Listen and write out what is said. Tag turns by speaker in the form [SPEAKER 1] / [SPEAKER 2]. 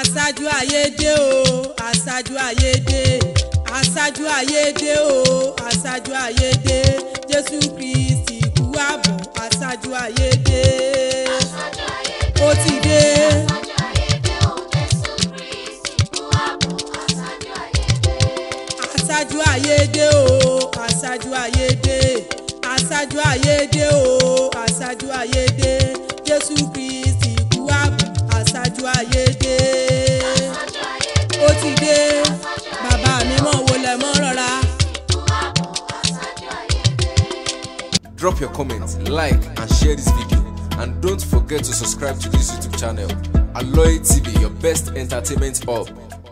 [SPEAKER 1] aṣáájú ayédè o aṣáájú ayédè aṣáájú ayédè o aṣáájú ayédè Jésù Kristi kú àbọ̀ aṣáájú ayédè ó ti dé. aṣáájú ayédè o aṣáájú ayédè aṣáájú ayédè o aṣáájú ayédè Jésù Kristi kú àbọ̀ aṣáájú
[SPEAKER 2] ayédè.
[SPEAKER 3] Drop your comments, like and share this video. And don't forget to subscribe to this YouTube channel. Alloy
[SPEAKER 4] TV, your best entertainment hub.